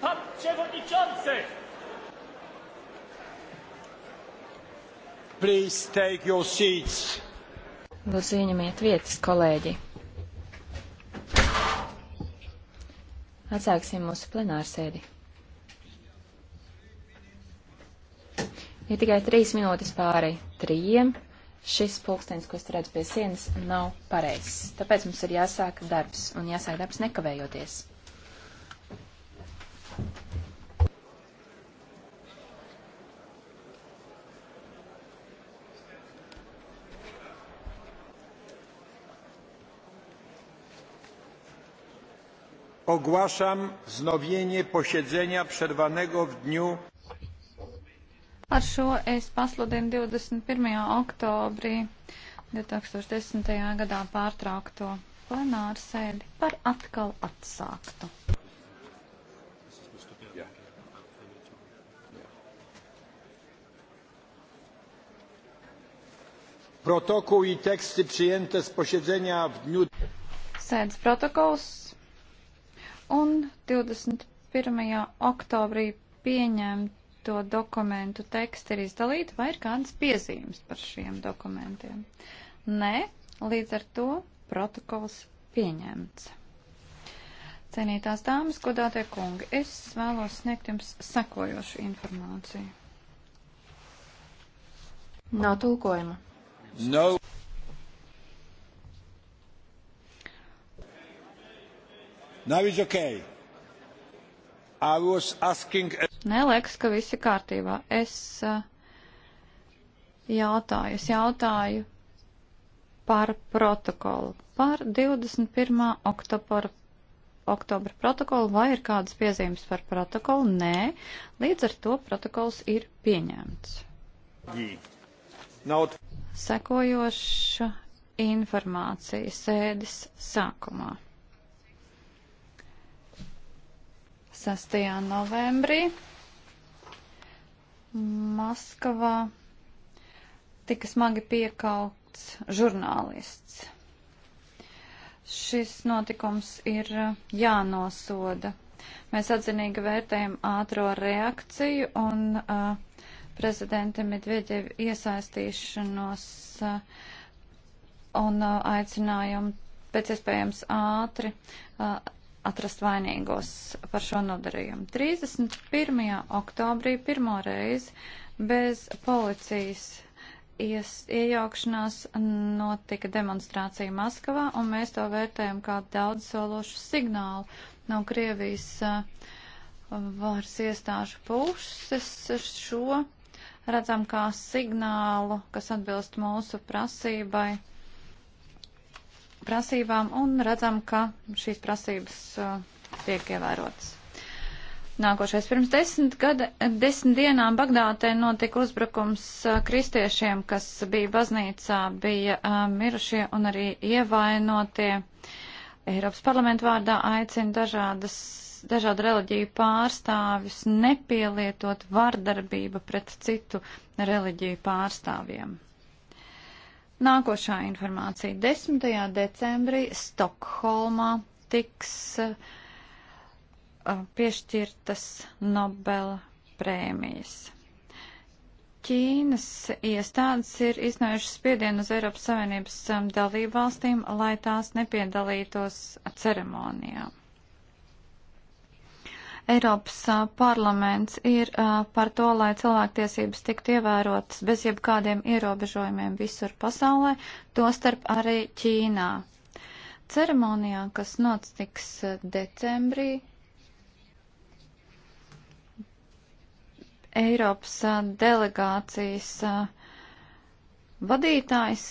Pan Przewodniczący! Please take your seats. Lūdzu, ieņemiet vietas, kolēģi. Atsāksim mūsu plenārsēdi. Ir tikai trīs minūtes pāri trījiem. Šis pulkstenis, ko es redzu pie sienas, nav pareizs. Tāpēc mums ir jāsāk darbs, un jāsāk darbs nekavējoties. Ogłaszam wznowienie posiedzenia przerwanego w dniu. Ar šo es pasludinu 21. oktobrī 2010. gadā pārtraukto plenāru sēdi par atkal atsāktu. Yeah. Protokół i teksty przyjęte z posiedzenia w dniu. Sēdes protokols un 21. oktobrī pieņemto dokumentu teksti ir izdalīti, vai ir kādas piezīmes par šiem dokumentiem? Nē, līdz ar to protokols pieņemts. Cienītās dāmas, godātie kungi, es vēlos sniegt jums sekojošu informāciju. Nav tulkojuma. No. Now it's okay. I was asking. Nē, liekas, ka viss ir kārtībā. Es uh, jautāju, es jautāju par protokolu, par 21. oktobra, oktobra protokolu, vai ir kādas piezīmes par protokolu? Nē, līdz ar to protokols ir pieņemts. Not. Sekojoša informācija sēdes sākumā. 6. novembrī Maskavā tika smagi piekauts žurnālists. Šis notikums ir uh, jānosoda. Mēs atzinīgi vērtējam ātro reakciju un uh, prezidenta Medvedeva iesaistīšanos uh, un uh, aicinājumu pēc iespējams ātri uh, atrast vainīgos par šo nodarījumu. 31. oktobrī pirmo reizi bez policijas ies, iejaukšanās notika demonstrācija Maskavā, un mēs to vērtējam kā daudz sološu signālu no Krievijas uh, varas iestāžu puses šo redzam kā signālu, kas atbilst mūsu prasībai prasībām un redzam, ka šīs prasības uh, tiek ievērotas. Nākošais pirms desmit, gada, desmit dienām Bagdātē notika uzbrukums uh, kristiešiem, kas bija baznīcā, bija uh, mirušie un arī ievainotie. Eiropas parlamentu vārdā aicina dažādas, dažādu reliģiju pārstāvjus nepielietot vardarbību pret citu reliģiju pārstāvjiem. Nākošā informācija. 10. decembrī Stokholmā tiks uh, piešķirtas Nobela prēmijas. Ķīnas iestādes ir iznojušas spiedienu uz Eiropas Savienības um, dalību valstīm, lai tās nepiedalītos ceremonijām. Eiropas parlaments ir par to, lai cilvēktiesības tiktu ievērotas bez jebkādiem ierobežojumiem visur pasaulē, tostarp arī Ķīnā. Ceremonijā, kas notiks decembrī, Eiropas delegācijas vadītājs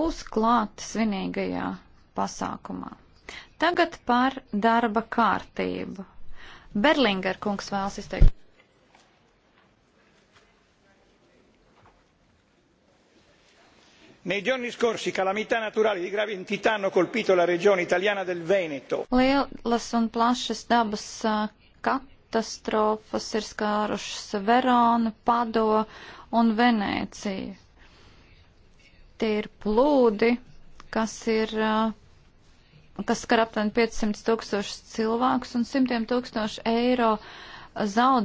būs klāt svinīgajā pasākumā. Tagad par darba kārtību. Berlinger kungs vēlas izteikt. Nei giorni scorsi calamità naturali di grave entità hanno colpito la regione italiana del Veneto. Lielas un plašas dabas katastrofas ir skārušas Veronu, Padovu un Venēciju. Tie ir plūdi, kas ir uh, kas skar aptuveni 500 tūkstošus cilvēkus un simtiem tūkstošu eiro zaudē.